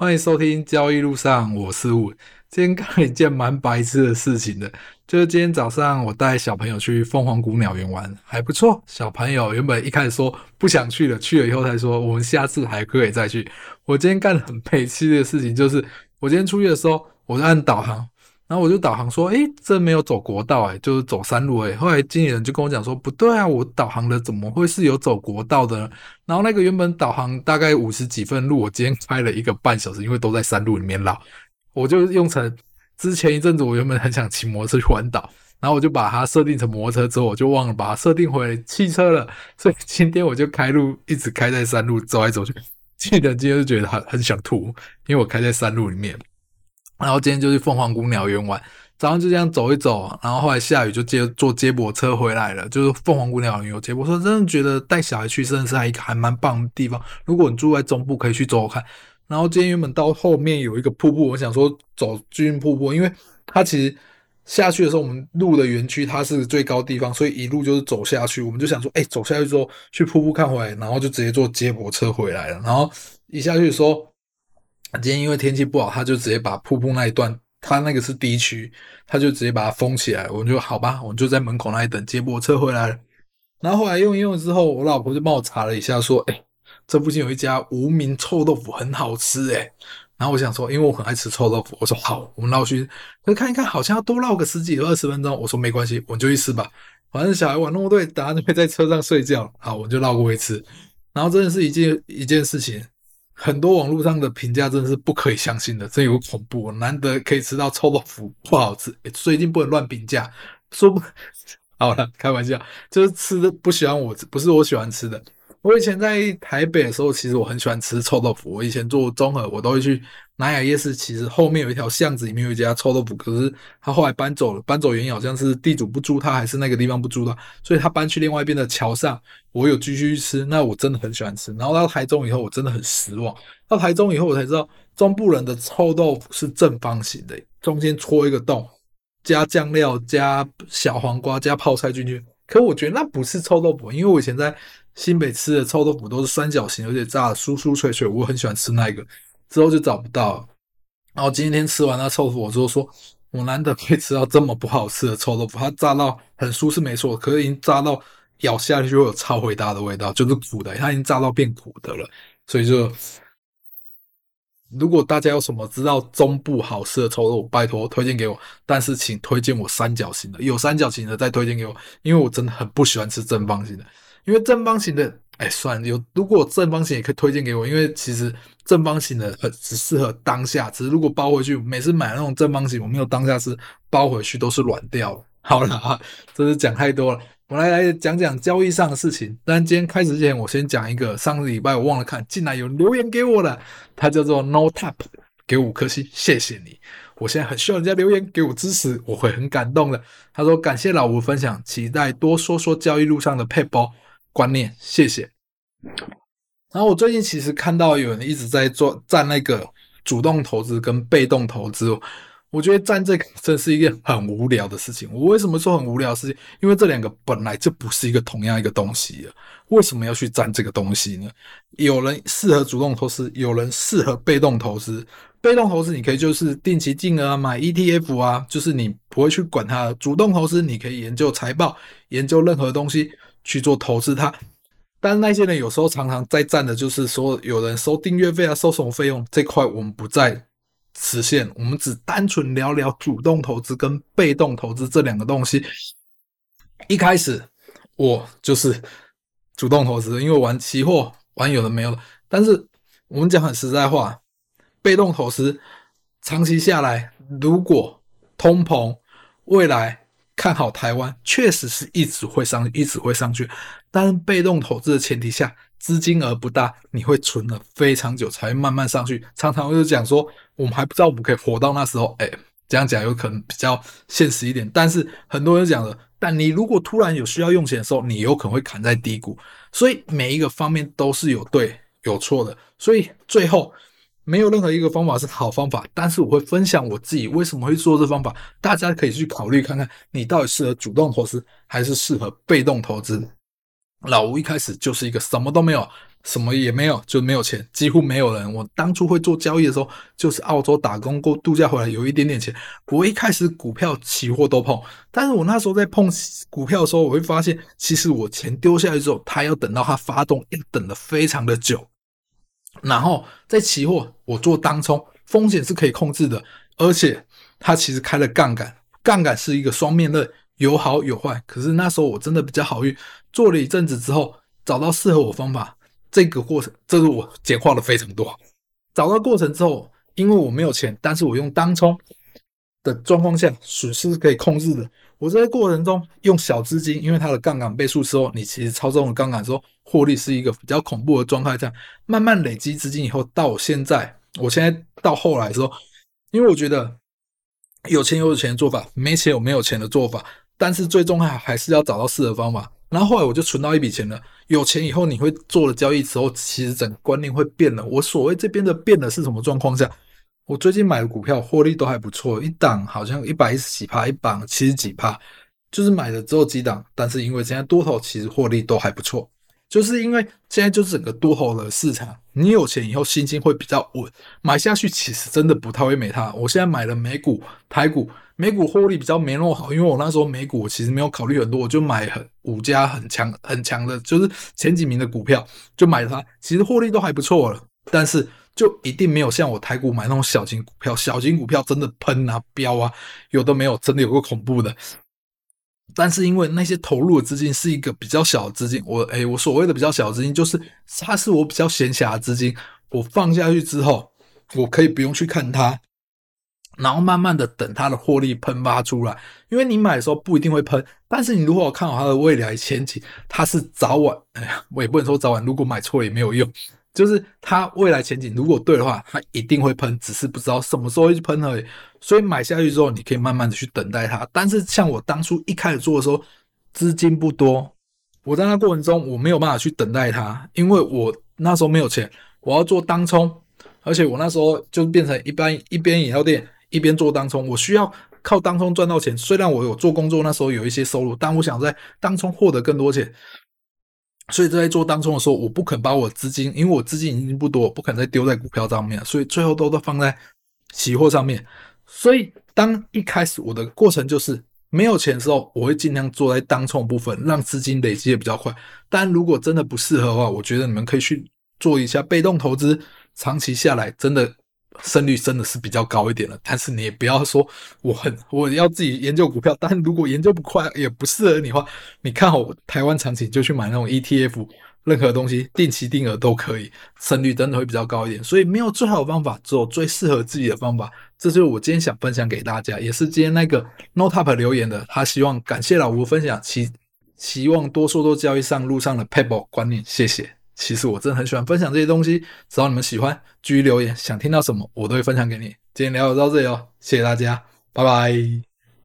歡迎收聽交易路上，我是五。今天幹了一件蠻白痴的事情的，就是今天早上我帶小朋友去鳳凰谷鳥園玩，還不錯。小朋友原本一開始說不想去了，去了以後才說我們下次還可以再去。我今天幹的很白痴的事情，就是我今天出去的時候，我就按導航。然後我就導航說：“誒這沒有走國道，欸，誒就是走山路，欸，誒後來經理人就跟我講說：“不對啊，我導航的怎麼會是有走國道的呢？”然後那個原本導航大概五十幾分路，我今天開了一個半小時，因為都在山路裡面繞。我就用成之前一陣子我原本很想騎摩托車去環島，然後我就把它設定成摩托車，之後我就忘了把它設定回來汽車了。所以今天我就開路一直開在山路走來走去。經理人今天就覺得很想吐，因為我開在山路裡面。然後今天就去鳳凰谷鳥園玩，早上就這樣走一走，然後後來下雨就接坐接駁車回來了。就是鳳凰谷鳥園有接駁車，真的覺得帶小孩去真的是還一個還蠻棒的地方。如果你住在中部，可以去走走看。然後今天原本到後面有一個瀑布，我想說走軍瀑布，因為它其實下去的時候，我們路的園區它是最高的地方，所以一路就是走下去。我們就想說，哎，走下去之後去瀑布看，回來然後就直接坐接駁車回來了。然後一下去的時候。今天因為天氣不好，他就直接把瀑布那一段，他那個是地區，他就直接把它封起來。我們就好吧，我們就在門口那裡等接駁車回來了。然後後來用一用之後，我老婆就幫我查了一下，說：“哎、欸，這附近有一家無名臭豆腐很好吃。”誒。然後我想說，因為我很愛吃臭豆腐，我說好，我們繞去，可是看一看，好像要多繞個十幾二十分鐘。我說沒關係，我們就去吃吧。反正小孩玩那麼對，等下就可以在車上睡覺。好，我們就繞過去吃。然後真的是一件一件事情。很多網絡上的評價真的是不可以相信的，真有恐怖哦。難得可以吃到臭豆腐，不好吃，所以一定不能亂評價。說不，好了，開玩笑，就是吃的不喜歡我吃，不是我喜歡吃的。我以前在台北的時候，其實我很喜歡吃臭豆腐。我以前做中和，我都會去南雅夜市。其實後面有一條巷子，裡面有一家臭豆腐，可是他後來搬走了。搬走原因好像是地主不租他，還是那個地方不租他，所以他搬去另外一邊的橋上。我有繼續去吃，那我真的很喜歡吃。然後到台中以後，我真的很失望。到台中以後，我才知道中部人的臭豆腐是正方形的，中間戳一個洞，加醬料，加小黃瓜，加泡菜，進去。可我覺得那不是臭豆腐，因為我以前在。新北吃的臭豆腐都是三角形，而且炸的酥酥脆脆，我很喜歡吃那個。之後就找不到了。然後今天吃完那臭豆腐我就說，我難得可以吃到這麼不好吃的臭豆腐，它炸到很酥是沒錯，可是已經炸到咬下去會有超回大的味道，就是苦的，它已經炸到變苦的了。所以就，如果大家有什麼知道中部好吃的臭豆腐，拜托推薦給我。但是請推薦我三角形的，有三角形的再推薦給我，因為我真的很不喜歡吃正方形的。因為正方形的，哎、欸，算了有，如果正方形也可以推薦給我，因為其實正方形的呃只適合當下，只是如果包回去，每次買那種正方形，我沒有當下是包回去都是軟掉了。好了啊，真是講太多了，我來來講講交易上的事情。但今天開始之前，我先講一個，上個禮拜我忘了看，竟然有留言給我了，他叫做 NoTap，給五顆星，謝謝你，我現在很需要人家留言給我支持，我會很感動的。他說感謝老吳分享，期待多說說交易路上的撇步。」觀念，謝謝。然後我最近其實看到有人一直在做占那個主動投資跟被動投資，我覺得占這個是一個很無聊的事情。我為什麼說很無聊的事情？因為這兩個本來就不是一個同樣一個東西，為什麼要去占這個東西呢？有人適合主動投資，有人適合被動投資。被動投資你可以就是定期定額、啊、買 ETF 啊，就是你不會去管它。主動投資你可以研究財報，研究任何東西。去做投資，它，但是那些人有時候常常在站的，就是說有人收訂閱費啊，收什麼費用這塊，我們不再實現，我們只單純聊聊主動投資跟被動投資這兩個東西。一開始我就是主動投資，因為玩期貨，玩有的沒有的。但是我們講很實在話，被動投資長期下來，如果通膨未來。看好台灣確實是一直會上，一直會上去，但被動投資的前提下，資金額不大，你會存了非常久才慢慢上去。常常就講說，我們還不知道我們可以活到那時候，哎、欸，這樣講有可能比較現實一點。但是很多人講了，但你如果突然有需要用錢的時候，你有可能會砍在低谷。所以每一個方面都是有對有錯的。所以最後。沒有任何一個方法是好方法，但是我會分享我自己為什麼會做這方法，大家可以去考慮看看，你到底適合主動投資還是適合被動投資。老吳一開始就是一個什麼都沒有，什麼也沒有，就沒有錢，幾乎沒有人。我當初會做交易的時候，就是澳洲打工過度假回來有一點點錢，我一開始股票、期貨都碰，但是我那時候在碰股票的時候，我會發現，其實我錢丟下去之後，它要等到它發動，要等得非常的久。然後在期貨，我做當沖，風險是可以控制的，而且它其實開了槓桿，槓桿是一個雙面刃，有好有壞。可是那時候我真的比較好運，做了一陣子之後，找到適合我方法，這個過程這個我簡化了非常多。找到過程之後，因為我沒有錢，但是我用當沖的狀況下，損失是可以控制的。我在過程中用小資金，因為它的槓桿倍數時候，你其實操縱的槓桿時候，獲利是一個比較恐怖的狀態下，慢慢累積資金以後，到我現在，我現在到後來的時候，因為我覺得有錢有有錢的做法，沒錢有沒有錢的做法，但是最終還還是要找到適合方法。然後後來我就存到一筆錢了，有錢以後你會做了交易之後，其實整個觀念會變了。我所謂這邊的變的是什麼狀況下？我最近買的股票獲利都還不錯，一檔好像一百一十幾帕，一檔七十幾帕，就是買了之後幾檔。但是因為現在多頭其實獲利都還不錯，就是因為現在就是整個多頭的市場，你有錢以後心情會比較穩，買下去其實真的不太會沒它。我現在買了美股、台股，美股獲利比較沒那麼好，因為我那時候美股我其實沒有考慮很多，我就買很五家很強很強的，就是前幾名的股票就買它，其實獲利都還不錯了，但是。就一定沒有像我台股買那種小型股票，小型股票真的噴啊，飆啊，有的沒有，真的有個恐怖的。但是因為那些投入的資金是一個比較小的資金，我哎，我所謂的比較小的資金，就是它是我比較閒暇的資金，我放下去之後，我可以不用去看它，然後慢慢的等它的獲利噴發出來。因為你買的時候不一定會噴，但是你如果我看好它的未來前景，它是早晚，哎呀，我也不能說早晚，如果買錯了也沒有用。就是它未來前景如果對的話，它一定會噴，只是不知道什麼時候會去噴而已。所以買下去之後，你可以慢慢的去等待它。但是像我當初一開始做的時候，資金不多，我在那過程中我沒有辦法去等待它，因為我那時候沒有錢，我要做當沖，而且我那時候就變成一邊一邊飲料店，一邊做當沖，我需要靠當沖賺到錢。雖然我有做工作，那時候有一些收入，但我想在當沖獲得更多錢。所以在做當沖的時候，我不肯把我資金，因為我資金已經不多，我不肯再丟在股票上面，所以最後都都放在期貨上面。所以當一開始我的過程就是沒有錢的時候，我會盡量做在當沖部分，讓資金累積也比較快。但如果真的不適合的話，我覺得你們可以去做一下被動投資，長期下來真的。勝率真的是比較高一點了，但是你也不要說我很我要自己研究股票，但如果研究不快也不適合你的話，你看好台灣場景就去買那種 ETF，任何東西定期定額都可以，勝率真的會比較高一點。所以沒有最好的方法，只有最適合自己的方法。這就是我今天想分享給大家，也是今天那個 Not Up 留言的，他希望感謝老吳分享，希希望多說多交易上路上的 paper 觀念，謝謝。其實我真的很喜歡分享這些東西，只要你們喜歡，繼續留言，想聽到什麼，我都會分享給你。今天聊就到這裡哦，謝謝大家，拜拜。